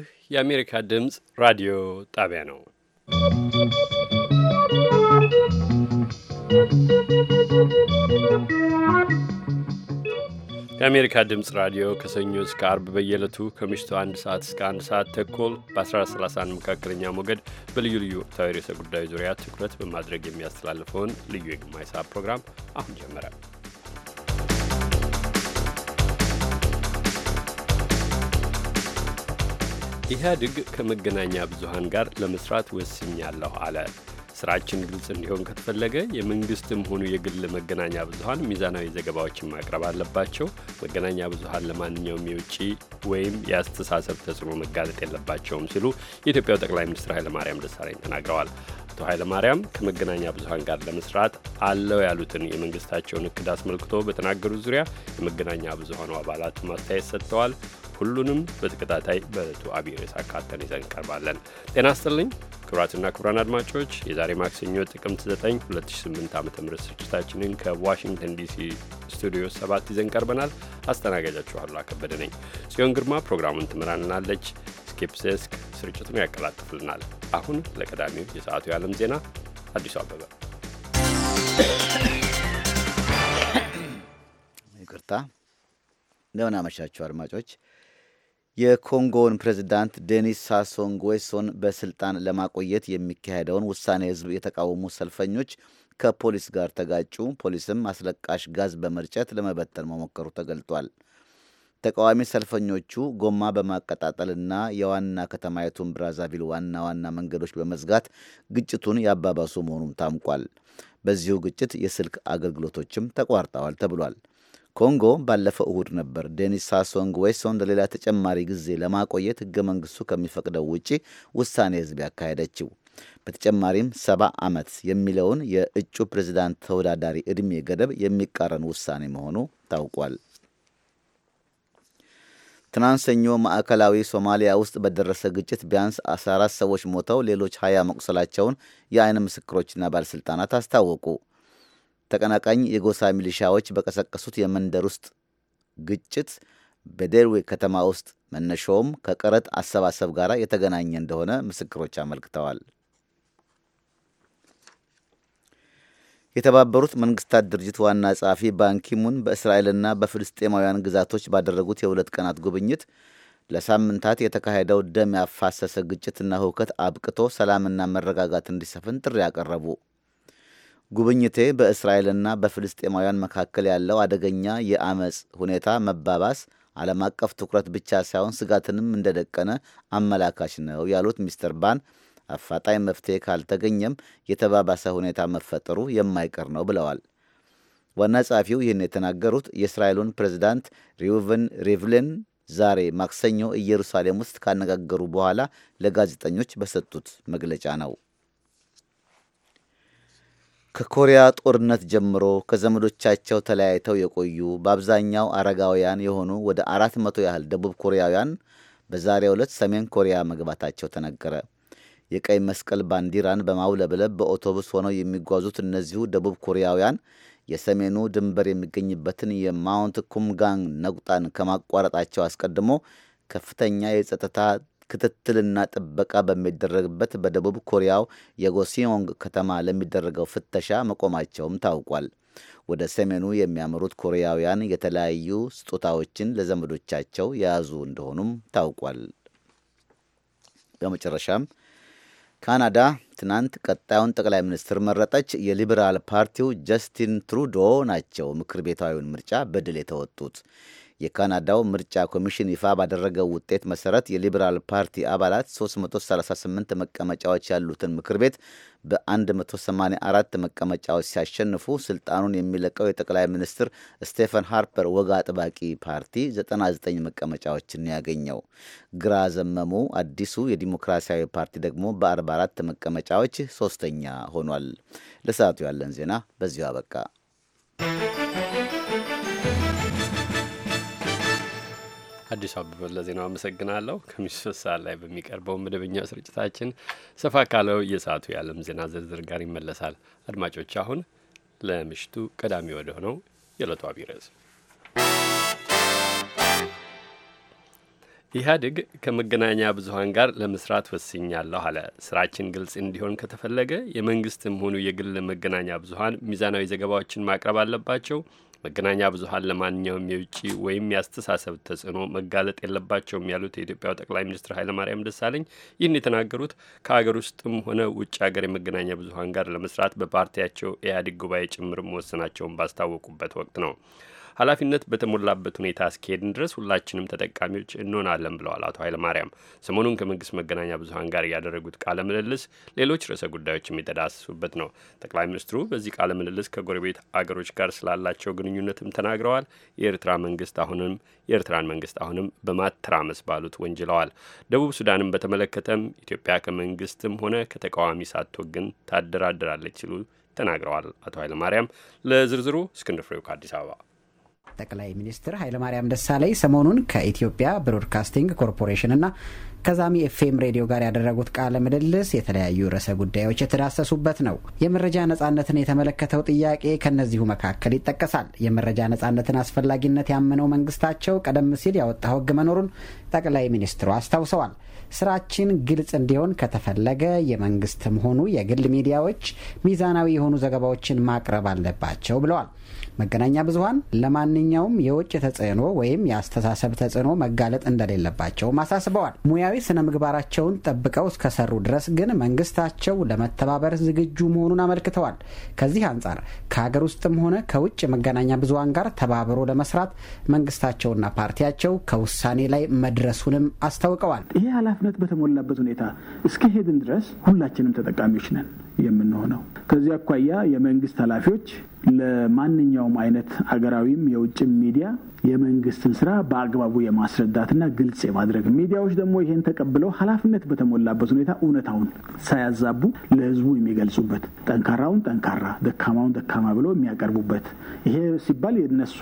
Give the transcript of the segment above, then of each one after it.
ይህ የአሜሪካ ድምፅ ራዲዮ ጣቢያ ነው። የአሜሪካ ድምፅ ራዲዮ ከሰኞ እስከ አርብ በየዕለቱ ከምሽቱ አንድ ሰዓት እስከ አንድ ሰዓት ተኩል በ1431 መካከለኛ ሞገድ በልዩ ልዩ ወቅታዊ ርዕሰ ጉዳይ ዙሪያ ትኩረት በማድረግ የሚያስተላልፈውን ልዩ የግማሽ ሰዓት ፕሮግራም አሁን ጀመረ። ኢህአዴግ ከመገናኛ ብዙሃን ጋር ለመስራት ወስኛለሁ አለ። ስራችን ግልጽ እንዲሆን ከተፈለገ የመንግስትም ሆኑ የግል መገናኛ ብዙሀን ሚዛናዊ ዘገባዎችን ማቅረብ አለባቸው። መገናኛ ብዙሀን ለማንኛውም የውጭ ወይም የአስተሳሰብ ተጽዕኖ መጋለጥ የለባቸውም ሲሉ የኢትዮጵያው ጠቅላይ ሚኒስትር ኃይለማርያም ደሳለኝ ተናግረዋል። አቶ ኃይለማርያም ከመገናኛ ብዙሀን ጋር ለመስራት አለው ያሉትን የመንግስታቸውን እቅድ አስመልክቶ በተናገሩት ዙሪያ የመገናኛ ብዙሀኑ አባላት ማስተያየት ሰጥተዋል። ሁሉንም በተከታታይ በዕለቱ አብይ አካተን ይዘን እንቀርባለን። ጤና ስጥልኝ ክቡራትና ክቡራን አድማጮች የዛሬ ማክሰኞ ጥቅምት 9 2008 ዓ ም ስርጭታችንን ከዋሽንግተን ዲሲ ስቱዲዮ 7 ይዘን ቀርበናል። አስተናጋጃችኋሉ አሉላ ነኝ። ጽዮን ግርማ ፕሮግራሙን ትመራንናለች። ስኬፕሴስክ ስርጭቱን ያቀላጥፍልናል። አሁን ለቀዳሚው የሰዓቱ የዓለም ዜና አዲሱ አበበ ይቅርታ እንደምን አመሻችሁ አድማጮች። የኮንጎውን ፕሬዚዳንት ዴኒስ ሳሶን ጉዌሶን በስልጣን ለማቆየት የሚካሄደውን ውሳኔ ህዝብ የተቃወሙ ሰልፈኞች ከፖሊስ ጋር ተጋጩ። ፖሊስም አስለቃሽ ጋዝ በመርጨት ለመበተን መሞከሩ ተገልጧል። ተቃዋሚ ሰልፈኞቹ ጎማ በማቀጣጠልና የዋና ከተማይቱን ብራዛቪል ዋና ዋና መንገዶች በመዝጋት ግጭቱን ያባባሱ መሆኑም ታምቋል። በዚሁ ግጭት የስልክ አገልግሎቶችም ተቋርጠዋል ተብሏል። ኮንጎ ባለፈው እሁድ ነበር ዴኒስ ሳሶንግ ጉዌሶን ለሌላ ተጨማሪ ጊዜ ለማቆየት ህገ መንግስቱ ከሚፈቅደው ውጪ ውሳኔ ህዝብ ያካሄደችው። በተጨማሪም ሰባ ዓመት የሚለውን የእጩ ፕሬዝዳንት ተወዳዳሪ ዕድሜ ገደብ የሚቃረን ውሳኔ መሆኑ ታውቋል። ትናንት ሰኞ ማዕከላዊ ሶማሊያ ውስጥ በደረሰ ግጭት ቢያንስ 14 ሰዎች ሞተው ሌሎች ሀያ መቁሰላቸውን የአይን ምስክሮችና ባለሥልጣናት አስታወቁ። ተቀናቃኝ የጎሳ ሚሊሻዎች በቀሰቀሱት የመንደር ውስጥ ግጭት በዴርዌ ከተማ ውስጥ መነሻውም ከቀረጥ አሰባሰብ ጋር የተገናኘ እንደሆነ ምስክሮች አመልክተዋል። የተባበሩት መንግስታት ድርጅት ዋና ጸሐፊ ባንኪሙን በእስራኤልና በፍልስጤማውያን ግዛቶች ባደረጉት የሁለት ቀናት ጉብኝት ለሳምንታት የተካሄደው ደም ያፋሰሰ ግጭትና ሁከት አብቅቶ ሰላምና መረጋጋት እንዲሰፍን ጥሪ ያቀረቡ ጉብኝቴ በእስራኤልና በፍልስጤማውያን መካከል ያለው አደገኛ የአመፅ ሁኔታ መባባስ ዓለም አቀፍ ትኩረት ብቻ ሳይሆን ስጋትንም እንደደቀነ አመላካች ነው ያሉት ሚስተር ባን አፋጣኝ መፍትሄ ካልተገኘም የተባባሰ ሁኔታ መፈጠሩ የማይቀር ነው ብለዋል። ዋና ጸሐፊው ይህን የተናገሩት የእስራኤሉን ፕሬዚዳንት ሪዩቨን ሪቭሊን ዛሬ ማክሰኞ ኢየሩሳሌም ውስጥ ካነጋገሩ በኋላ ለጋዜጠኞች በሰጡት መግለጫ ነው። ከኮሪያ ጦርነት ጀምሮ ከዘመዶቻቸው ተለያይተው የቆዩ በአብዛኛው አረጋውያን የሆኑ ወደ አራት መቶ ያህል ደቡብ ኮሪያውያን በዛሬው ዕለት ሰሜን ኮሪያ መግባታቸው ተነገረ። የቀይ መስቀል ባንዲራን በማውለብለብ በአውቶቡስ ሆነው የሚጓዙት እነዚሁ ደቡብ ኮሪያውያን የሰሜኑ ድንበር የሚገኝበትን የማውንት ኩምጋንግ ነቁጣን ከማቋረጣቸው አስቀድሞ ከፍተኛ የጸጥታ ክትትልና ጥበቃ በሚደረግበት በደቡብ ኮሪያው የጎሲዮንግ ከተማ ለሚደረገው ፍተሻ መቆማቸውም ታውቋል። ወደ ሰሜኑ የሚያመሩት ኮሪያውያን የተለያዩ ስጦታዎችን ለዘመዶቻቸው የያዙ እንደሆኑም ታውቋል። በመጨረሻም ካናዳ ትናንት ቀጣዩን ጠቅላይ ሚኒስትር መረጠች። የሊበራል ፓርቲው ጀስቲን ትሩዶ ናቸው ምክር ቤታዊውን ምርጫ በድል የተወጡት። የካናዳው ምርጫ ኮሚሽን ይፋ ባደረገው ውጤት መሰረት የሊበራል ፓርቲ አባላት 338 መቀመጫዎች ያሉትን ምክር ቤት በ184 መቀመጫዎች ሲያሸንፉ ስልጣኑን የሚለቀው የጠቅላይ ሚኒስትር ስቴፈን ሃርፐር ወግ አጥባቂ ፓርቲ 99 መቀመጫዎችን ያገኘው፣ ግራ ዘመሙ አዲሱ የዲሞክራሲያዊ ፓርቲ ደግሞ በ44 መቀመጫዎች ሶስተኛ ሆኗል። ለሰዓቱ ያለን ዜና በዚሁ አበቃ። አዲሱ አበበ ለዜናው አመሰግናለሁ። ከምሽቱ ሶስት ሰዓት ላይ በሚቀርበው መደበኛው ስርጭታችን ሰፋ ካለው የሰዓቱ የዓለም ዜና ዝርዝር ጋር ይመለሳል። አድማጮች፣ አሁን ለምሽቱ ቀዳሚ ወደ ሆነው የዕለቱ አብይ ርዕስ ኢህአዴግ ከመገናኛ ብዙኃን ጋር ለመስራት ወስኛለሁ አለ። ስራችን ግልጽ እንዲሆን ከተፈለገ የመንግስትም ሆኑ የግል መገናኛ ብዙኃን ሚዛናዊ ዘገባዎችን ማቅረብ አለባቸው መገናኛ ብዙኃን ለማንኛውም የውጭ ወይም የአስተሳሰብ ተጽዕኖ መጋለጥ የለባቸውም ያሉት የኢትዮጵያው ጠቅላይ ሚኒስትር ኃይለማርያም ደሳለኝ ይህን የተናገሩት ከሀገር ውስጥም ሆነ ውጭ ሀገር የመገናኛ ብዙኃን ጋር ለመስራት በፓርቲያቸው ኢህአዴግ ጉባኤ ጭምር መወሰናቸውን ባስታወቁበት ወቅት ነው። ኃላፊነት በተሞላበት ሁኔታ እስከሄድን ድረስ ሁላችንም ተጠቃሚዎች እንሆናለን ብለዋል አቶ ኃይለማርያም ሰሞኑን ከመንግስት መገናኛ ብዙሀን ጋር ያደረጉት ቃለ ምልልስ ሌሎች ርዕሰ ጉዳዮች የሚተዳስሱበት ነው። ጠቅላይ ሚኒስትሩ በዚህ ቃለ ምልልስ ከጎረቤት አገሮች ጋር ስላላቸው ግንኙነትም ተናግረዋል። የኤርትራ መንግስት አሁንም የኤርትራን መንግስት አሁንም በማተራመስ ባሉት ወንጅለዋል። ደቡብ ሱዳንም በተመለከተም ኢትዮጵያ ከመንግስትም ሆነ ከተቃዋሚ ሳትወግን ታደራድራለች ሲሉ ተናግረዋል አቶ ኃይለማርያም። ለዝርዝሩ እስክንድር ፍሬው ከአዲስ አበባ ጠቅላይ ሚኒስትር ኃይለማርያም ደሳለኝ ሰሞኑን ከኢትዮጵያ ብሮድካስቲንግ ኮርፖሬሽን ና ከዛሚ ኤፍኤም ሬዲዮ ጋር ያደረጉት ቃለ ምልልስ የተለያዩ ርዕሰ ጉዳዮች የተዳሰሱበት ነው። የመረጃ ነጻነትን የተመለከተው ጥያቄ ከእነዚሁ መካከል ይጠቀሳል። የመረጃ ነጻነትን አስፈላጊነት ያመነው መንግስታቸው ቀደም ሲል ያወጣው ህግ መኖሩን ጠቅላይ ሚኒስትሩ አስታውሰዋል። ስራችን ግልጽ እንዲሆን ከተፈለገ የመንግስትም ሆኑ የግል ሚዲያዎች ሚዛናዊ የሆኑ ዘገባዎችን ማቅረብ አለባቸው ብለዋል። መገናኛ ብዙሀን ለማንኛውም የውጭ ተጽዕኖ ወይም የአስተሳሰብ ተጽዕኖ መጋለጥ እንደሌለባቸውም አሳስበዋል። ሙያዊ ስነ ምግባራቸውን ጠብቀው እስከሰሩ ድረስ ግን መንግስታቸው ለመተባበር ዝግጁ መሆኑን አመልክተዋል። ከዚህ አንጻር ከሀገር ውስጥም ሆነ ከውጭ መገናኛ ብዙሀን ጋር ተባብሮ ለመስራት መንግስታቸውና ፓርቲያቸው ከውሳኔ ላይ መድረሱንም አስታውቀዋል። ይሄ ኃላፊነት በተሞላበት ሁኔታ እስከሄድን ድረስ ሁላችንም ተጠቃሚዎች ነን የምንሆነው። ከዚህ አኳያ የመንግስት ኃላፊዎች ለማንኛውም አይነት አገራዊም የውጭም ሚዲያ የመንግስትን ስራ በአግባቡ የማስረዳትና ግልጽ የማድረግ ሚዲያዎች ደግሞ ይሄን ተቀብለው ኃላፊነት በተሞላበት ሁኔታ እውነታውን ሳያዛቡ ለህዝቡ የሚገልጹበት ጠንካራውን ጠንካራ፣ ደካማውን ደካማ ብለው የሚያቀርቡበት ይሄ ሲባል የነሱ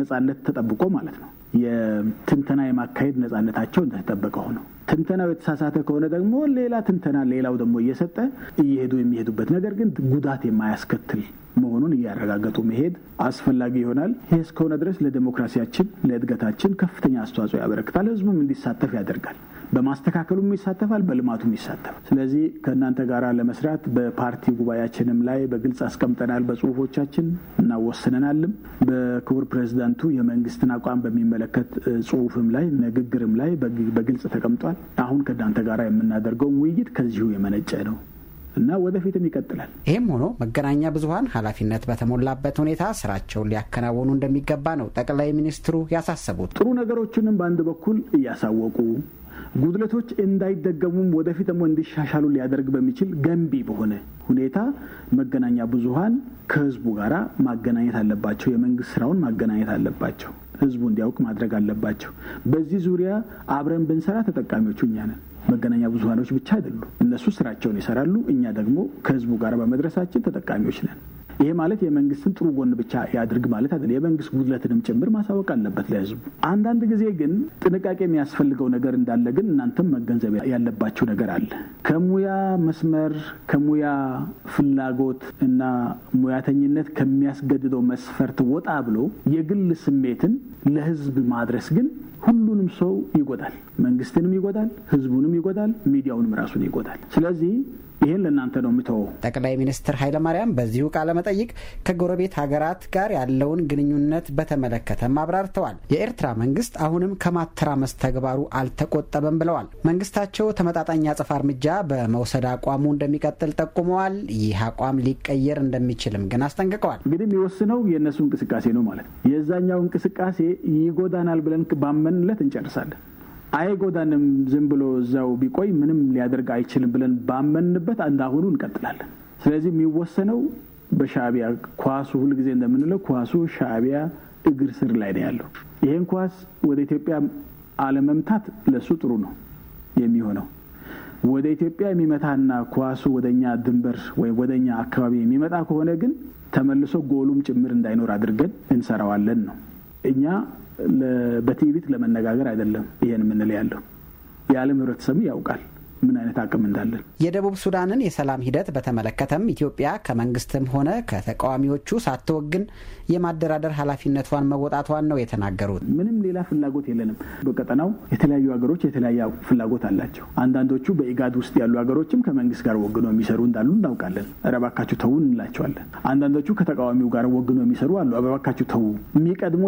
ነጻነት ተጠብቆ ማለት ነው። የትንተና የማካሄድ ነጻነታቸው እንደተጠበቀ ነው። ትንተናው የተሳሳተ ከሆነ ደግሞ ሌላ ትንተና ሌላው ደግሞ እየሰጠ እየሄዱ የሚሄዱበት ነገር ግን ጉዳት የማያስከትል መሆኑን እያረጋገጡ መሄድ አስፈላጊ ይሆናል። ይህ እስከሆነ ድረስ ለዲሞክራሲያችን፣ ለእድገታችን ከፍተኛ አስተዋጽኦ ያበረክታል። ህዝቡም እንዲሳተፍ ያደርጋል። በማስተካከሉም ይሳተፋል፣ በልማቱም ይሳተፋል። ስለዚህ ከእናንተ ጋር ለመስራት በፓርቲ ጉባኤያችንም ላይ በግልጽ አስቀምጠናል፣ በጽሁፎቻችን እናወስነናልም። በክቡር ፕሬዚዳንቱ የመንግስትን አቋም በሚመለከት ጽሁፍም ላይ ንግግርም ላይ በግልጽ ተቀምጧል። አሁን ከእናንተ ጋር የምናደርገው ውይይት ከዚሁ የመነጨ ነው እና ወደፊትም ይቀጥላል። ይህም ሆኖ መገናኛ ብዙኃን ኃላፊነት በተሞላበት ሁኔታ ስራቸውን ሊያከናውኑ እንደሚገባ ነው ጠቅላይ ሚኒስትሩ ያሳሰቡት። ጥሩ ነገሮችንም በአንድ በኩል እያሳወቁ ጉድለቶች እንዳይደገሙም ወደፊት ደግሞ እንዲሻሻሉ ሊያደርግ በሚችል ገንቢ በሆነ ሁኔታ መገናኛ ብዙሀን ከህዝቡ ጋራ ማገናኘት አለባቸው። የመንግስት ስራውን ማገናኘት አለባቸው። ህዝቡ እንዲያውቅ ማድረግ አለባቸው። በዚህ ዙሪያ አብረን ብንሰራ ተጠቃሚዎቹ እኛ ነን። መገናኛ ብዙሀኖች ብቻ አይደሉ እነሱ ስራቸውን ይሰራሉ፣ እኛ ደግሞ ከህዝቡ ጋር በመድረሳችን ተጠቃሚዎች ነን። ይሄ ማለት የመንግስትን ጥሩ ጎን ብቻ ያድርግ ማለት አይደለም። የመንግስት ጉድለትንም ጭምር ማሳወቅ አለበት ለህዝቡ። አንዳንድ ጊዜ ግን ጥንቃቄ የሚያስፈልገው ነገር እንዳለ ግን እናንተም መገንዘብ ያለባችሁ ነገር አለ። ከሙያ መስመር ከሙያ ፍላጎት እና ሙያተኝነት ከሚያስገድደው መስፈርት ወጣ ብሎ የግል ስሜትን ለህዝብ ማድረስ ግን ሁሉንም ሰው ይጎዳል። መንግስትንም ይጎዳል፣ ህዝቡንም ይጎዳል፣ ሚዲያውንም ራሱን ይጎዳል። ስለዚህ ይህን ለእናንተ ነው የምተወው። ጠቅላይ ሚኒስትር ኃይለማርያም በዚሁ ቃለ መጠይቅ ከጎረቤት ሀገራት ጋር ያለውን ግንኙነት በተመለከተም አብራርተዋል። የኤርትራ መንግስት አሁንም ከማተራመስ ተግባሩ አልተቆጠበም ብለዋል። መንግስታቸው ተመጣጣኝ አጸፋ እርምጃ በመውሰድ አቋሙ እንደሚቀጥል ጠቁመዋል። ይህ አቋም ሊቀየር እንደሚችልም ግን አስጠንቅቀዋል። እንግዲህ የሚወስነው የእነሱ እንቅስቃሴ ነው ማለት ነው። የዛኛው እንቅስቃሴ ይጎዳናል ብለን ባመንለት እንጨርሳለን። አይጎዳንም ዝም ብሎ እዛው ቢቆይ ምንም ሊያደርግ አይችልም ብለን ባመንበት እንዳሁኑ እንቀጥላለን። ስለዚህ የሚወሰነው በሻቢያ ኳሱ፣ ሁልጊዜ እንደምንለው ኳሱ ሻቢያ እግር ስር ላይ ነው ያለው። ይህን ኳስ ወደ ኢትዮጵያ አለመምታት ለሱ ጥሩ ነው የሚሆነው። ወደ ኢትዮጵያ የሚመታና ኳሱ ወደኛ ድንበር ወይም ወደኛ አካባቢ የሚመጣ ከሆነ ግን ተመልሶ ጎሉም ጭምር እንዳይኖር አድርገን እንሰራዋለን ነው እኛ በትዕቢት ለመነጋገር አይደለም ይሄን የምንል ያለው የዓለም ህብረተሰብ ያውቃል። ምን አይነት አቅም እንዳለን። የደቡብ ሱዳንን የሰላም ሂደት በተመለከተም ኢትዮጵያ ከመንግስትም ሆነ ከተቃዋሚዎቹ ሳትወግን የማደራደር ኃላፊነቷን መወጣቷን ነው የተናገሩት። ምንም ሌላ ፍላጎት የለንም። በቀጠናው የተለያዩ ሀገሮች የተለያየ ፍላጎት አላቸው። አንዳንዶቹ በኢጋድ ውስጥ ያሉ ሀገሮችም ከመንግስት ጋር ወግነው የሚሰሩ እንዳሉ እናውቃለን። እባካችሁ ተዉ እንላቸዋለን። አንዳንዶቹ ከተቃዋሚው ጋር ወግኖ የሚሰሩ አሉ። እባካችሁ ተዉ። የሚቀድሞ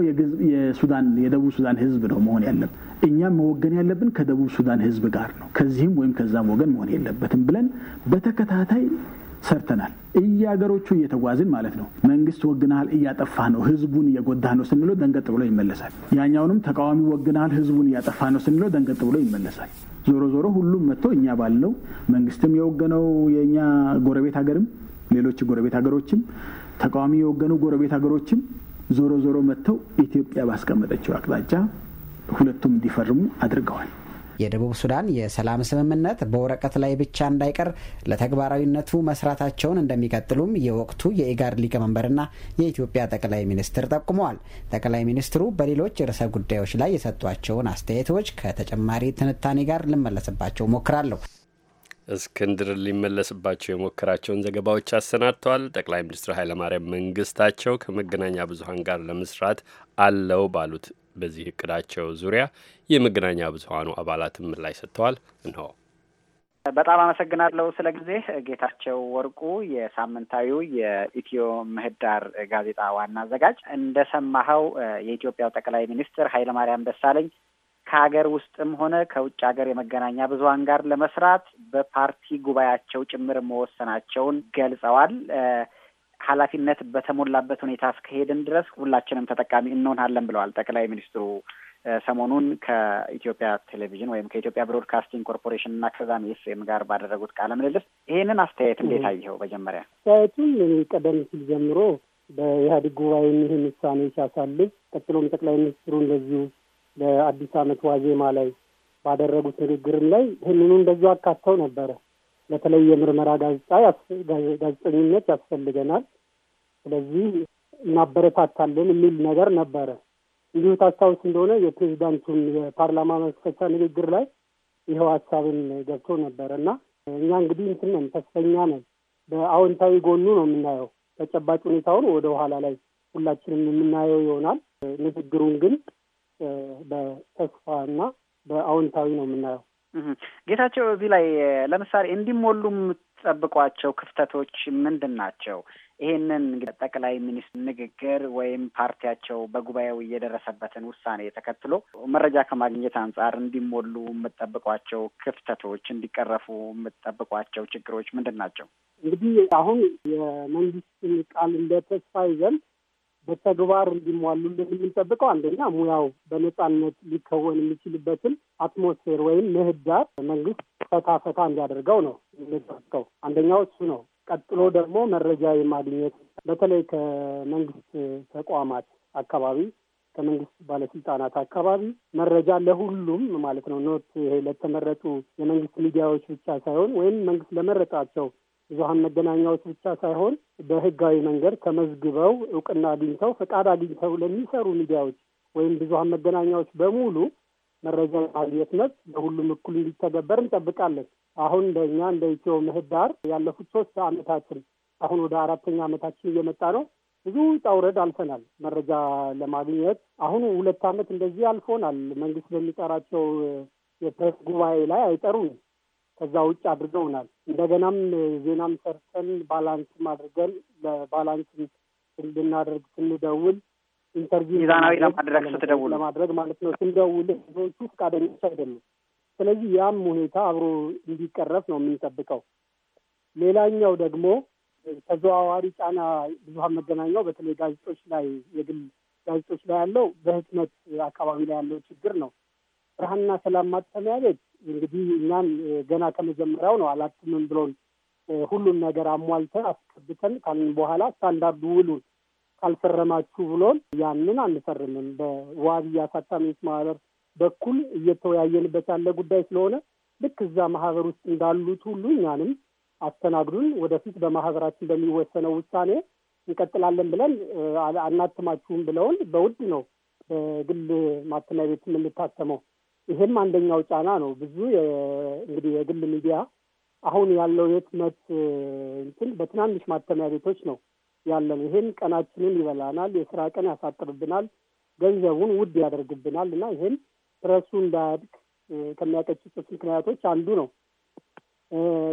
የሱዳን የደቡብ ሱዳን ህዝብ ነው መሆን ያለብን። እኛም መወገን ያለብን ከደቡብ ሱዳን ህዝብ ጋር ነው ከዚህም ወይም ከዛም ወገን መሆን የለበትም ብለን በተከታታይ ሰርተናል። እያገሮቹ እየተጓዝን ማለት ነው። መንግስት ወግናል፣ እያጠፋ ነው፣ ህዝቡን እየጎዳ ነው ስንለው ደንገጥ ብሎ ይመለሳል። ያኛውንም ተቃዋሚ ወግናል፣ ህዝቡን እያጠፋ ነው ስንለው ደንገጥ ብሎ ይመለሳል። ዞሮ ዞሮ ሁሉም መጥቶ እኛ ባልነው መንግስትም የወገነው የእኛ ጎረቤት ሀገርም ሌሎች ጎረቤት ሀገሮችም ተቃዋሚ የወገኑ ጎረቤት ሀገሮችም ዞሮ ዞሮ መጥተው ኢትዮጵያ ባስቀመጠችው አቅጣጫ ሁለቱም እንዲፈርሙ አድርገዋል። የደቡብ ሱዳን የሰላም ስምምነት በወረቀት ላይ ብቻ እንዳይቀር ለተግባራዊነቱ መስራታቸውን እንደሚቀጥሉም የወቅቱ የኢጋድ ሊቀመንበርና የኢትዮጵያ ጠቅላይ ሚኒስትር ጠቁመዋል። ጠቅላይ ሚኒስትሩ በሌሎች ርዕሰ ጉዳዮች ላይ የሰጧቸውን አስተያየቶች ከተጨማሪ ትንታኔ ጋር ልመለስባቸው ሞክራለሁ። እስክንድር ሊመለስባቸው የሞከራቸውን ዘገባዎች አሰናድተዋል። ጠቅላይ ሚኒስትር ኃይለማርያም መንግስታቸው ከመገናኛ ብዙሀን ጋር ለመስራት አለው ባሉት በዚህ እቅዳቸው ዙሪያ የመገናኛ ብዙሀኑ አባላትም ምላሽ ሰጥተዋል። እንሆ በጣም አመሰግናለሁ ስለ ጊዜ ጌታቸው ወርቁ የሳምንታዊው የኢትዮ ምህዳር ጋዜጣ ዋና አዘጋጅ እንደሰማኸው የኢትዮጵያው ጠቅላይ ሚኒስትር ኃይለማርያም ደሳለኝ ከሀገር ውስጥም ሆነ ከውጭ ሀገር የመገናኛ ብዙኃን ጋር ለመስራት በፓርቲ ጉባኤያቸው ጭምር መወሰናቸውን ገልጸዋል። ኃላፊነት በተሞላበት ሁኔታ እስከሄድን ድረስ ሁላችንም ተጠቃሚ እንሆናለን ብለዋል ጠቅላይ ሚኒስትሩ ሰሞኑን ከኢትዮጵያ ቴሌቪዥን ወይም ከኢትዮጵያ ብሮድካስቲንግ ኮርፖሬሽን እና ከዛም ኤፍኤም ጋር ባደረጉት ቃለ ምልልስ ይህንን አስተያየት እንዴት አየኸው? መጀመሪያ አስተያየቱም ቀደም ሲል ጀምሮ በኢህአዴግ ጉባኤ ይህን ውሳኔ ሲያሳልፍ ቀጥሎም ጠቅላይ ሚኒስትሩ እንደዚሁ ለአዲስ ዓመት ዋዜማ ላይ ባደረጉት ንግግርም ላይ ይህንኑ እንደዚ አካተው ነበረ። በተለይ የምርመራ ጋዜጣ ጋዜጠኝነት ያስፈልገናል፣ ስለዚህ እናበረታታለን የሚል ነገር ነበረ። እንዲሁ ታስታውስ እንደሆነ የፕሬዚዳንቱን የፓርላማ መክፈቻ ንግግር ላይ ይኸው ሀሳብን ገብቶ ነበረ እና እኛ እንግዲህ እንትን ነን፣ ተስፈኛ ነን። በአዎንታዊ ጎኑ ነው የምናየው። ተጨባጭ ሁኔታውን ወደ ኋላ ላይ ሁላችንም የምናየው ይሆናል። ንግግሩን ግን እና በአዎንታዊ ነው የምናየው። ጌታቸው፣ እዚህ ላይ ለምሳሌ እንዲሞሉ የምትጠብቋቸው ክፍተቶች ምንድን ናቸው? ይሄንን ጠቅላይ ሚኒስትር ንግግር ወይም ፓርቲያቸው በጉባኤው እየደረሰበትን ውሳኔ ተከትሎ መረጃ ከማግኘት አንጻር እንዲሞሉ የምጠብቋቸው ክፍተቶች፣ እንዲቀረፉ የምጠብቋቸው ችግሮች ምንድን ናቸው? እንግዲህ አሁን የመንግስትን ቃል እንደ ተስፋ ይዘን በተግባር እንዲሟሉልን የምንጠብቀው አንደኛ ሙያው በነፃነት ሊከወን የሚችልበትን አትሞስፌር ወይም ምህዳር መንግስት ፈታ ፈታ እንዲያደርገው ነው የምንጠብቀው። አንደኛው እሱ ነው። ቀጥሎ ደግሞ መረጃ የማግኘት በተለይ ከመንግስት ተቋማት አካባቢ ከመንግስት ባለስልጣናት አካባቢ መረጃ ለሁሉም ማለት ነው ኖት ይሄ ለተመረጡ የመንግስት ሚዲያዎች ብቻ ሳይሆን ወይም መንግስት ለመረጣቸው ብዙሀን መገናኛዎች ብቻ ሳይሆን በህጋዊ መንገድ ተመዝግበው እውቅና አግኝተው ፈቃድ አግኝተው ለሚሰሩ ሚዲያዎች ወይም ብዙሀን መገናኛዎች በሙሉ መረጃ ማግኘት መብት ለሁሉም እኩል እንዲተገበር እንጠብቃለን። አሁን ለእኛ እንደ ኢትዮ ምህዳር ያለፉት ሶስት አመታችን አሁን ወደ አራተኛ አመታችን እየመጣ ነው። ብዙ ውጣ ውረድ አልፈናል። መረጃ ለማግኘት አሁን ሁለት አመት እንደዚህ አልፎናል። መንግስት በሚጠራቸው የፕሬስ ጉባኤ ላይ አይጠሩንም። ከዛ ውጭ አድርገውናል። እንደገናም ዜናም ሰርተን ባላንስም አድርገን ለባላንስ እንድናደርግ ስንደውል ኢንተርቪው ሚዛናዊ ለማድረግ ስትደውሉ ለማድረግ ማለት ነው ስንደውል ህዝቦቹ ፈቃደኞች አይደሉም። ስለዚህ ያም ሁኔታ አብሮ እንዲቀረፍ ነው የምንጠብቀው። ሌላኛው ደግሞ ተዘዋዋሪ ጫና ብዙሀን መገናኛው በተለይ ጋዜጦች ላይ የግል ጋዜጦች ላይ ያለው በህትመት አካባቢ ላይ ያለው ችግር ነው። ብርሃንና ሰላም ማተሚያ ቤት እንግዲህ እኛም ገና ከመጀመሪያው ነው አላትምም ብሎን ሁሉን ነገር አሟልተን አስቀብተን ካልን በኋላ ስታንዳርዱ ውሉን ካልፈረማችሁ ብሎን ያንን አንፈርምም። በዋቢ አሳታሚዎች ማህበር በኩል እየተወያየንበት ያለ ጉዳይ ስለሆነ ልክ እዛ ማህበር ውስጥ እንዳሉት ሁሉ እኛንም አስተናግዱን፣ ወደፊት በማህበራችን በሚወሰነው ውሳኔ እንቀጥላለን ብለን አናትማችሁም ብለውን በውድ ነው በግል ማተሚያ ቤት የምንታተመው። ይሄም አንደኛው ጫና ነው። ብዙ እንግዲህ የግል ሚዲያ አሁን ያለው የህትመት እንትን በትናንሽ ማተሚያ ቤቶች ነው ያለን። ይሄም ቀናችንን ይበላናል፣ የስራ ቀን ያሳጥርብናል፣ ገንዘቡን ውድ ያደርግብናል እና ይሄም ፕረሱ እንዳያድግ ከሚያቀጭጩት ምክንያቶች አንዱ ነው።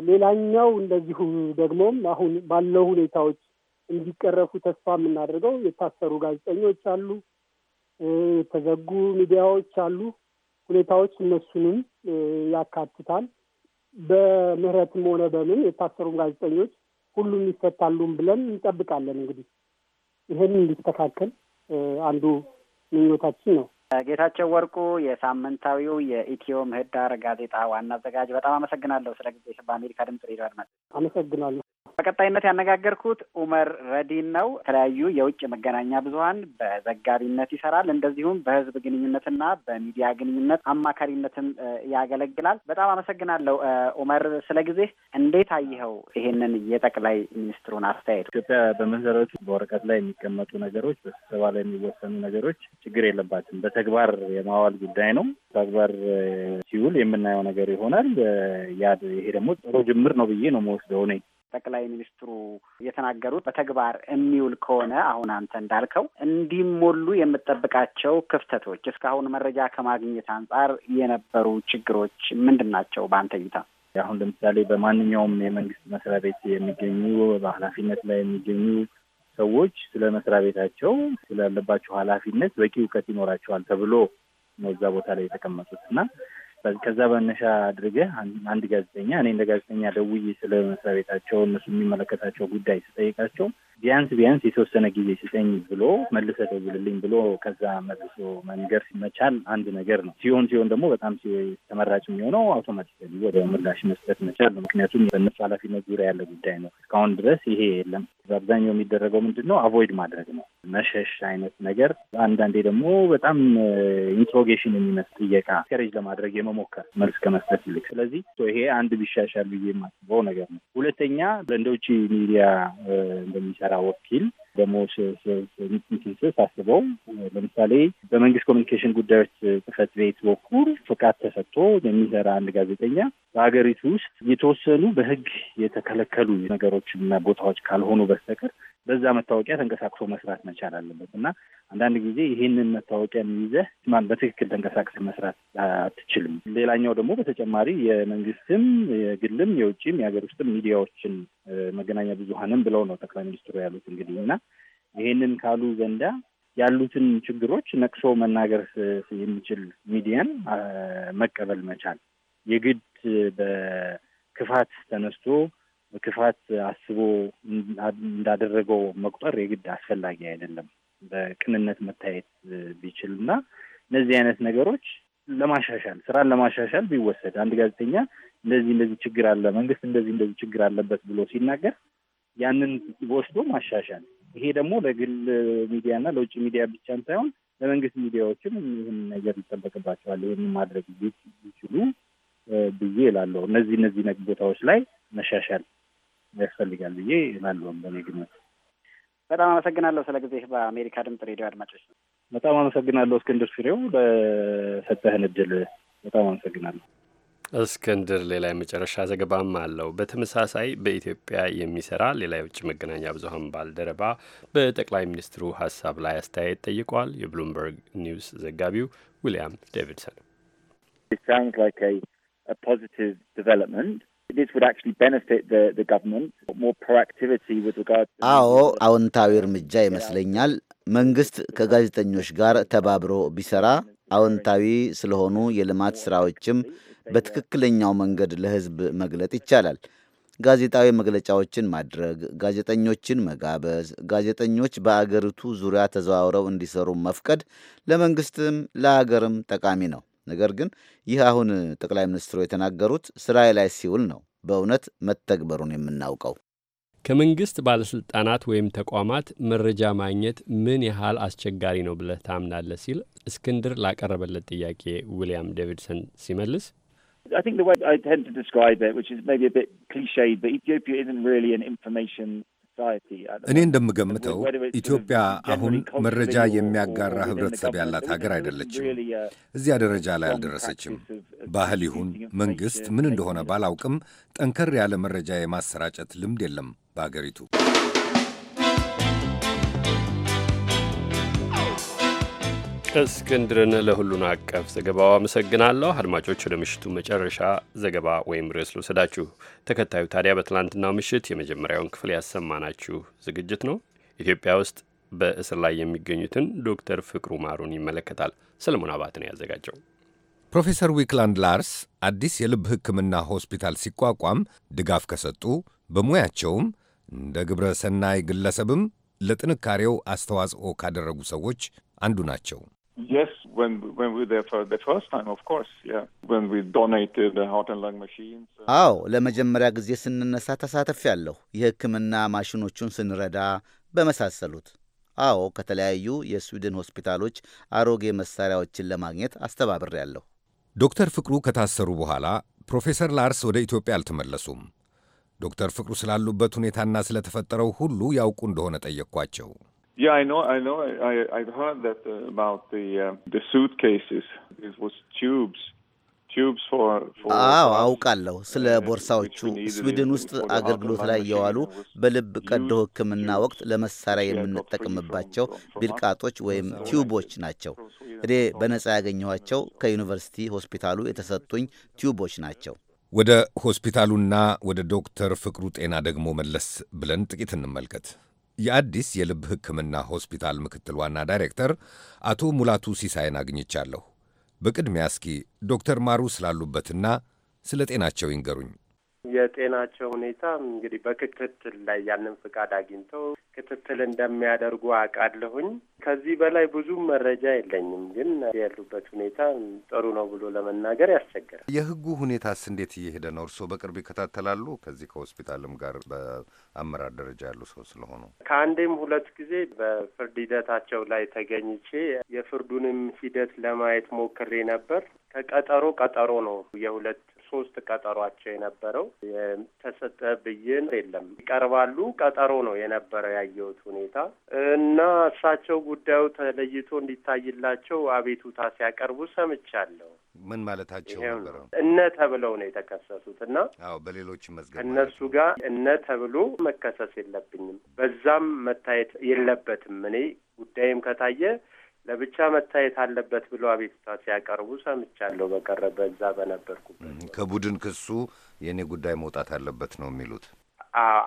ሌላኛው እንደዚሁ ደግሞም አሁን ባለው ሁኔታዎች እንዲቀረፉ ተስፋ የምናደርገው የታሰሩ ጋዜጠኞች አሉ፣ የተዘጉ ሚዲያዎች አሉ። ሁኔታዎች እነሱንም ያካትታል። በምህረትም ሆነ በምን የታሰሩም ጋዜጠኞች ሁሉም ይፈታሉን ብለን እንጠብቃለን። እንግዲህ ይህን እንዲስተካከል አንዱ ምኞታችን ነው። ጌታቸው ወርቁ የሳምንታዊው የኢትዮ ምህዳር ጋዜጣ ዋና አዘጋጅ፣ በጣም አመሰግናለሁ ስለ ጊዜ። በአሜሪካ ድምጽ ሬዲዮ አድማጭ አመሰግናለሁ። በቀጣይነት ያነጋገርኩት ኡመር ረዲን ነው። የተለያዩ የውጭ መገናኛ ብዙኃን በዘጋቢነት ይሰራል። እንደዚሁም በህዝብ ግንኙነትና በሚዲያ ግንኙነት አማካሪነትም ያገለግላል። በጣም አመሰግናለሁ ኡመር ስለ ጊዜ። እንዴት አየኸው ይሄንን የጠቅላይ ሚኒስትሩን አስተያየት? ኢትዮጵያ በመሰረቱ በወረቀት ላይ የሚቀመጡ ነገሮች፣ በስብሰባ ላይ የሚወሰኑ ነገሮች ችግር የለባትም። በተግባር የማዋል ጉዳይ ነው። ተግባር ሲውል የምናየው ነገር ይሆናል። ያ ይሄ ደግሞ ጥሩ ጅምር ነው ብዬ ነው መወስደው ነኝ ጠቅላይ ሚኒስትሩ የተናገሩት በተግባር የሚውል ከሆነ አሁን አንተ እንዳልከው እንዲሞሉ የምጠብቃቸው ክፍተቶች እስካሁን መረጃ ከማግኘት አንጻር የነበሩ ችግሮች ምንድን ናቸው በአንተ እይታ? አሁን ለምሳሌ በማንኛውም የመንግስት መስሪያ ቤት የሚገኙ በኃላፊነት ላይ የሚገኙ ሰዎች ስለ መስሪያ ቤታቸው ስላለባቸው ኃላፊነት በቂ እውቀት ይኖራቸዋል ተብሎ ነው እዛ ቦታ ላይ የተቀመጡት እና ከዛ በመነሻ አድርገህ አንድ ጋዜጠኛ እኔ እንደ ጋዜጠኛ ደውዬ ስለ መስሪያ ቤታቸው እነሱ የሚመለከታቸው ጉዳይ ስጠይቃቸው ቢያንስ ቢያንስ የተወሰነ ጊዜ ስጠኝ ብሎ መልሰ ደውልልኝ ብሎ ከዛ መልሶ መንገር ሲመቻል አንድ ነገር ነው። ሲሆን ሲሆን ደግሞ በጣም ተመራጭ የሚሆነው አውቶማቲካሊ ወደ ምላሽ መስጠት መቻል ነው። ምክንያቱም በእነሱ ኃላፊነት ዙሪያ ያለ ጉዳይ ነው። እስካሁን ድረስ ይሄ የለም። በአብዛኛው የሚደረገው ምንድን ነው? አቮይድ ማድረግ ነው፣ መሸሽ አይነት ነገር። አንዳንዴ ደግሞ በጣም ኢንትሮጌሽን የሚመስል ጥየቃ ከሬጅ ለማድረግ የመሞከር መልስ ከመስጠት ይልቅ። ስለዚህ ይሄ አንድ ቢሻሻል ብዬ የማስበው ነገር ነው። ሁለተኛ እንደ ውጭ ሚዲያ እንደሚሰራ ወኪል ደሞች ሳስበው ለምሳሌ በመንግስት ኮሚኒኬሽን ጉዳዮች ጽህፈት ቤት በኩል ፍቃድ ተሰጥቶ የሚሰራ አንድ ጋዜጠኛ በሀገሪቱ ውስጥ የተወሰኑ በህግ የተከለከሉ ነገሮችና ቦታዎች ካልሆኑ በስተቀር በዛ መታወቂያ ተንቀሳቅሶ መስራት መቻል አለበት እና አንዳንድ ጊዜ ይህንን መታወቂያ ይዘህ ማን በትክክል ተንቀሳቅሰ መስራት አትችልም። ሌላኛው ደግሞ በተጨማሪ የመንግስትም የግልም የውጭም የሀገር ውስጥም ሚዲያዎችን መገናኛ ብዙሀንም ብለው ነው ጠቅላይ ሚኒስትሩ ያሉት እንግዲህ እና ይህንን ካሉ ዘንዳ ያሉትን ችግሮች ነቅሶ መናገር የሚችል ሚዲያን መቀበል መቻል የግድ በክፋት ተነስቶ ክፋት አስቦ እንዳደረገው መቁጠር የግድ አስፈላጊ አይደለም። በቅንነት መታየት ቢችል እና እነዚህ አይነት ነገሮች ለማሻሻል ስራን ለማሻሻል ቢወሰድ አንድ ጋዜጠኛ እንደዚህ እንደዚህ ችግር አለ፣ መንግስት እንደዚህ እንደዚህ ችግር አለበት ብሎ ሲናገር ያንን ወስዶ ማሻሻል። ይሄ ደግሞ ለግል ሚዲያና ለውጭ ሚዲያ ብቻም ሳይሆን ለመንግስት ሚዲያዎችም ይህን ነገር ይጠበቅባቸዋል። ይህን ማድረግ ቢችሉ ብዬ እላለሁ። እነዚህ እነዚህ ቦታዎች ላይ መሻሻል ያስፈልጋል ብዬ ላለውም በእኔ ግምት። በጣም አመሰግናለሁ ስለ ጊዜ በአሜሪካ ድምጽ ሬዲዮ አድማጮች ነው። በጣም አመሰግናለሁ እስክንድር ፍሬው ለሰጠህን እድል በጣም አመሰግናለሁ። እስክንድር ሌላ የመጨረሻ ዘገባም አለው። በተመሳሳይ በኢትዮጵያ የሚሰራ ሌላ የውጭ መገናኛ ብዙሀን ባልደረባ በጠቅላይ ሚኒስትሩ ሀሳብ ላይ አስተያየት ጠይቋል። የብሉምበርግ ኒውስ ዘጋቢው ዊልያም ዴቪድሰን አዎ አዎንታዊ እርምጃ ይመስለኛል። መንግስት ከጋዜጠኞች ጋር ተባብሮ ቢሰራ አዎንታዊ ስለሆኑ የልማት ስራዎችም በትክክለኛው መንገድ ለህዝብ መግለጥ ይቻላል። ጋዜጣዊ መግለጫዎችን ማድረግ፣ ጋዜጠኞችን መጋበዝ፣ ጋዜጠኞች በአገሪቱ ዙሪያ ተዘዋውረው እንዲሰሩ መፍቀድ ለመንግስትም ለአገርም ጠቃሚ ነው። ነገር ግን ይህ አሁን ጠቅላይ ሚኒስትሩ የተናገሩት ስራዬ ላይ ሲውል ነው በእውነት መተግበሩን የምናውቀው። ከመንግስት ባለስልጣናት ወይም ተቋማት መረጃ ማግኘት ምን ያህል አስቸጋሪ ነው ብለህ ታምናለህ? ሲል እስክንድር ላቀረበለት ጥያቄ ዊልያም ዴቪድሰን ሲመልስ እኔ እንደምገምተው ኢትዮጵያ አሁን መረጃ የሚያጋራ ህብረተሰብ ያላት ሀገር አይደለችም። እዚያ ደረጃ ላይ አልደረሰችም። ባህል ይሁን መንግሥት ምን እንደሆነ ባላውቅም ጠንከር ያለ መረጃ የማሰራጨት ልምድ የለም በአገሪቱ። እስክንድርን ለሁሉን አቀፍ ዘገባው አመሰግናለሁ። አድማጮች ወደ ምሽቱ መጨረሻ ዘገባ ወይም ርዕስ ልውሰዳችሁ። ተከታዩ ታዲያ በትላንትናው ምሽት የመጀመሪያውን ክፍል ያሰማናችሁ ዝግጅት ነው። ኢትዮጵያ ውስጥ በእስር ላይ የሚገኙትን ዶክተር ፍቅሩ ማሩን ይመለከታል። ሰለሞን አባት ነው ያዘጋጀው። ፕሮፌሰር ዊክላንድ ላርስ አዲስ የልብ ሕክምና ሆስፒታል ሲቋቋም ድጋፍ ከሰጡ በሙያቸውም እንደ ግብረ ሰናይ ግለሰብም ለጥንካሬው አስተዋጽኦ ካደረጉ ሰዎች አንዱ ናቸው። አዎ ለመጀመሪያ ጊዜ ስንነሳ ተሳተፊያለሁ። የሕክምና ማሽኖቹን ስንረዳ በመሳሰሉት። አዎ ከተለያዩ የስዊድን ሆስፒታሎች አሮጌ መሳሪያዎችን ለማግኘት አስተባብሬያለሁ። ዶክተር ፍቅሩ ከታሰሩ በኋላ ፕሮፌሰር ላርስ ወደ ኢትዮጵያ አልተመለሱም። ዶክተር ፍቅሩ ስላሉበት ሁኔታና ስለተፈጠረው ሁሉ ያውቁ እንደሆነ ጠየቅኳቸው። Yeah, I know. I know. I, I've heard that uh, about the uh, the suitcases. It was tubes. አዎ ah, አውቃለሁ። uh, ስለ ቦርሳዎቹ ስዊድን ውስጥ አገልግሎት ላይ የዋሉ በልብ ቀዶ ሕክምና ወቅት ለመሳሪያ የምንጠቅምባቸው ቢልቃጦች ወይም ቲዩቦች ናቸው። እኔ በነጻ ያገኘኋቸው ከዩኒቨርሲቲ ሆስፒታሉ የተሰጡኝ ቲዩቦች ናቸው። ወደ ሆስፒታሉና ወደ ዶክተር ፍቅሩ ጤና ደግሞ መለስ ብለን ጥቂት እንመልከት። የአዲስ የልብ ሕክምና ሆስፒታል ምክትል ዋና ዳይሬክተር አቶ ሙላቱ ሲሳይን አግኝቻለሁ። በቅድሚያ እስኪ ዶክተር ማሩ ስላሉበትና ስለ ጤናቸው ይንገሩኝ። የጤናቸው ሁኔታ እንግዲህ በክትትል ላይ ያንን ፍቃድ አግኝተው ክትትል እንደሚያደርጉ አውቃለሁኝ። ከዚህ በላይ ብዙ መረጃ የለኝም፣ ግን ያሉበት ሁኔታ ጥሩ ነው ብሎ ለመናገር ያስቸግራል። የህጉ ሁኔታስ እንዴት እየሄደ ነው? እርስዎ በቅርብ ይከታተላሉ። ከዚህ ከሆስፒታልም ጋር በአመራር ደረጃ ያሉ ሰው ስለሆኑ ከአንዴም ሁለት ጊዜ በፍርድ ሂደታቸው ላይ ተገኝቼ የፍርዱንም ሂደት ለማየት ሞክሬ ነበር። ከቀጠሮ ቀጠሮ ነው የሁለት ሶስት ቀጠሯቸው የነበረው የተሰጠ ብይን የለም ይቀርባሉ ቀጠሮ ነው የነበረው ያየሁት ሁኔታ እና እሳቸው ጉዳዩ ተለይቶ እንዲታይላቸው አቤቱታ ሲያቀርቡ ሰምቻለሁ። ምን ማለታቸው ነበረ? እነ ተብለው ነው የተከሰሱት እና አዎ፣ በሌሎች መዝገብ እነሱ ጋር እነ ተብሎ መከሰስ የለብኝም፣ በዛም መታየት የለበትም እኔ ጉዳይም ከታየ ለብቻ መታየት አለበት ብለው አቤቱታ ሲያቀርቡ ሰምቻለሁ። በቀረበ እዛ በነበርኩበት ከቡድን ክሱ የእኔ ጉዳይ መውጣት አለበት ነው የሚሉት።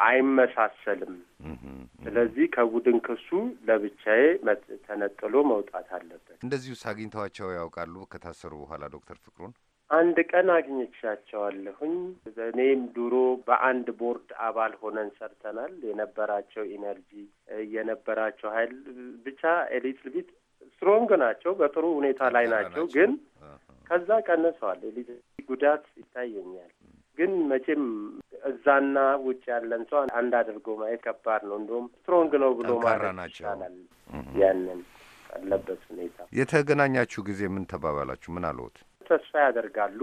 አይመሳሰልም። ስለዚህ ከቡድን ክሱ ለብቻዬ ተነጥሎ መውጣት አለበት። እንደዚሁ አግኝተዋቸው ያውቃሉ? ከታሰሩ በኋላ ዶክተር ፍቅሩን አንድ ቀን አግኝቻቸዋለሁኝ። እኔም ድሮ በአንድ ቦርድ አባል ሆነን ሰርተናል። የነበራቸው ኢነርጂ የነበራቸው ኃይል ብቻ ኤሊት ስትሮንግ ናቸው፣ በጥሩ ሁኔታ ላይ ናቸው። ግን ከዛ ቀንሰዋል። ጉዳት ይታየኛል። ግን መቼም እዛና ውጭ ያለን ሰው አንድ አድርጎ ማየት ከባድ ነው። እንደውም ስትሮንግ ነው ብሎ ማለት ይቻላል። ያንን አለበት ሁኔታ የተገናኛችሁ ጊዜ ምን ተባባላችሁ? ምን አለሁት? ተስፋ ያደርጋሉ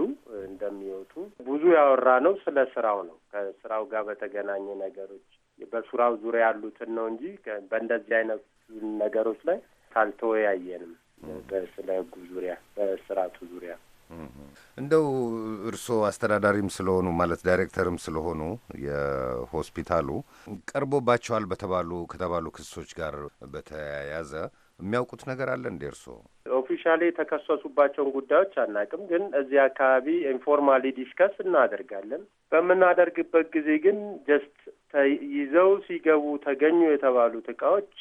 እንደሚወጡ። ብዙ ያወራ ነው ስለ ስራው ነው ከስራው ጋር በተገናኘ ነገሮች በስራው ዙሪያ ያሉትን ነው እንጂ በእንደዚህ አይነት ነገሮች ላይ አልተወያየንም በስለ ህጉ ዙሪያ በስርዓቱ ዙሪያ እንደው እርስዎ አስተዳዳሪም ስለሆኑ ማለት ዳይሬክተርም ስለሆኑ የሆስፒታሉ ቀርቦባቸዋል በተባሉ ከተባሉ ክሶች ጋር በተያያዘ የሚያውቁት ነገር አለ እንዴ? እርስዎ ኦፊሻሊ የተከሰሱባቸውን ጉዳዮች አናውቅም፣ ግን እዚህ አካባቢ ኢንፎርማሊ ዲስከስ እናደርጋለን። በምናደርግበት ጊዜ ግን ጀስት ይዘው ሲገቡ ተገኙ የተባሉት እቃዎች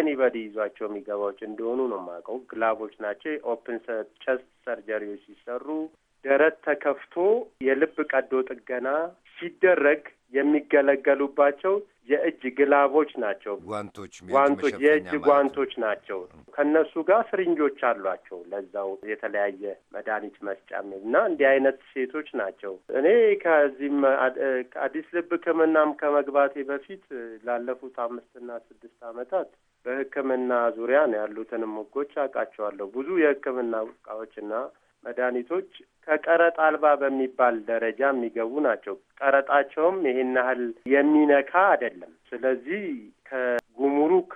ኤኒባዲ ይዟቸው የሚገባዎች እንደሆኑ ነው የማውቀው። ግላቦች ናቸው። ኦፕን ቸስት ሰርጀሪዎች ሲሰሩ ደረት ተከፍቶ የልብ ቀዶ ጥገና ሲደረግ የሚገለገሉባቸው የእጅ ግላቦች ናቸው። ጓንቶች ጓንቶች የእጅ ጓንቶች ናቸው። ከእነሱ ጋር ስሪንጆች አሏቸው ለዛው የተለያየ መድኃኒት መስጫ እና እንዲህ አይነት ሴቶች ናቸው። እኔ ከዚህም አዲስ ልብ ሕክምናም ከመግባቴ በፊት ላለፉት አምስትና ስድስት ዓመታት በሕክምና ዙሪያ ነው ያሉትንም ሕጎች አውቃቸዋለሁ። ብዙ የሕክምና እቃዎችና መድኃኒቶች ከቀረጥ አልባ በሚባል ደረጃ የሚገቡ ናቸው። ቀረጣቸውም ይሄን ያህል የሚነካ አይደለም። ስለዚህ ከጉሙሩክ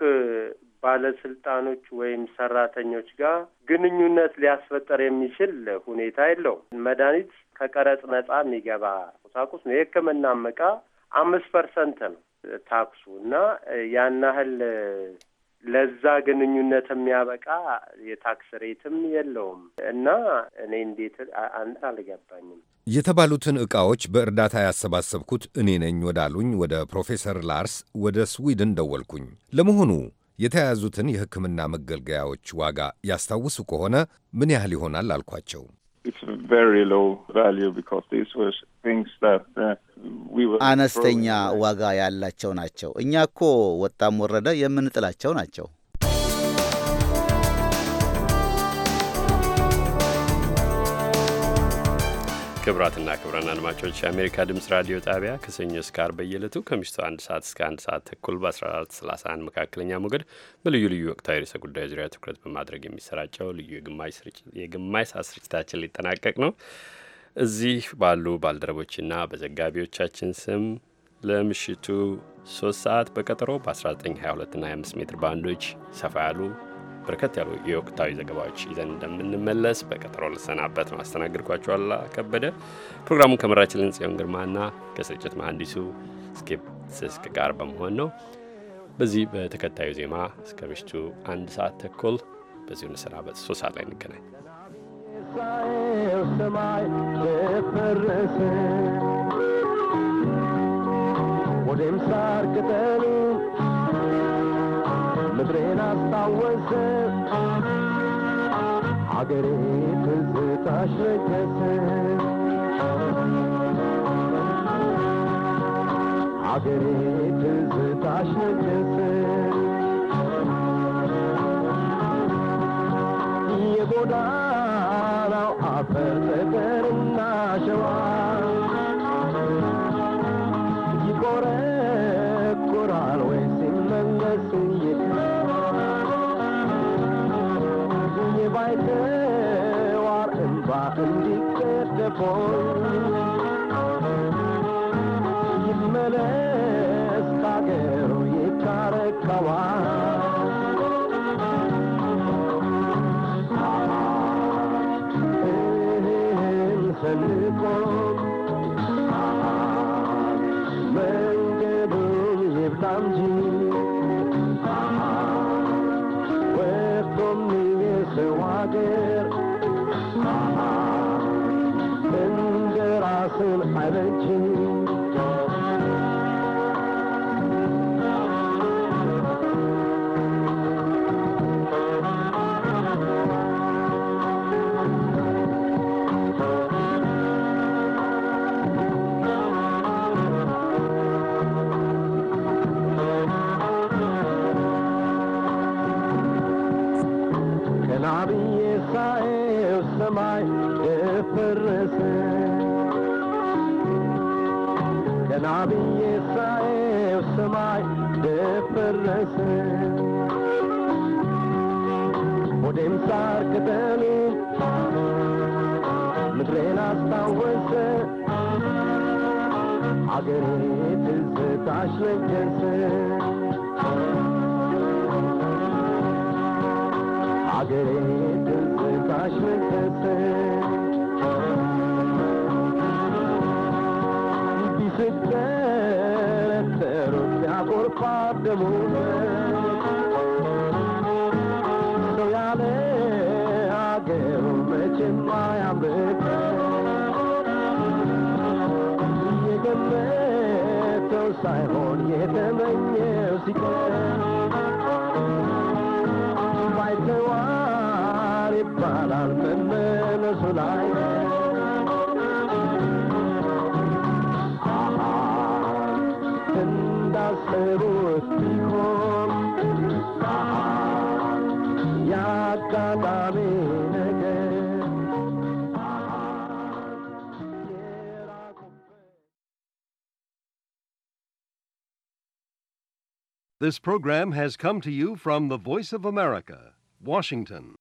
ባለስልጣኖች ወይም ሰራተኞች ጋር ግንኙነት ሊያስፈጠር የሚችል ሁኔታ የለውም። መድኃኒት ከቀረጥ ነጻ የሚገባ ቁሳቁስ ነው። የህክምና እቃ አምስት ፐርሰንት ነው ታክሱ እና ያን ያህል ለዛ ግንኙነት የሚያበቃ የታክስ ሬትም የለውም እና እኔ እንዴት አንድ አልገባኝም። የተባሉትን ዕቃዎች በእርዳታ ያሰባሰብኩት እኔ ነኝ ወዳሉኝ ወደ ፕሮፌሰር ላርስ ወደ ስዊድን ደወልኩኝ። ለመሆኑ የተያያዙትን የሕክምና መገልገያዎች ዋጋ ያስታውሱ ከሆነ ምን ያህል ይሆናል አልኳቸው። Uh, አነስተኛ ዋጋ ያላቸው ናቸው። እኛ እኮ ወጣም ወረደ የምንጥላቸው ናቸው። ክብራትና ክብራን አድማጮች የአሜሪካ ድምፅ ራዲዮ ጣቢያ ከሰኞ እስከ ዓርብ በየዕለቱ ከምሽቱ አንድ ሰዓት እስከ አንድ ሰዓት ተኩል በ1431 መካከለኛ ሞገድ በልዩ ልዩ ወቅታዊ ርዕሰ ጉዳይ ዙሪያ ትኩረት በማድረግ የሚሰራጨው ልዩ የግማሽ ሰዓት ስርጭታችን ሊጠናቀቅ ነው። እዚህ ባሉ ባልደረቦችና በዘጋቢዎቻችን ስም ለምሽቱ ሶስት ሰዓት በቀጠሮ በ1922ና 25 ሜትር ባንዶች ሰፋ ያሉ በርከት ያሉ የወቅታዊ ዘገባዎች ይዘን እንደምንመለስ በቀጠሮ ልሰናበት ነው። አስተናግድኳቸው አላ ከበደ ፕሮግራሙን ከመራችልን ጽዮን ግርማና ከስርጭት መሐንዲሱ ስኬፕ ስስክ ጋር በመሆን ነው። በዚህ በተከታዩ ዜማ እስከ ምሽቱ አንድ ሰዓት ተኩል በዚሁ እንሰናበት። ሶስት ሰዓት ላይ እንገናኝ። ወደም ሳር ቅጠሉ ምድሬን አስታወሰ አገሬ ትዝታሽ ረከሰ አገሬ ትዝታሽ ረከሰ የጎዳናው አፈር ጠጠርና ሸዋ ተከተሉ ምድሬን አስታወሰ አገሬ ትዝታሽ ነገሰ አገሬ ትዝታሽ ነገሰ ቢስቅ ተረተሩ ደሙነ सुनाए This program has come to you from the Voice of America, Washington.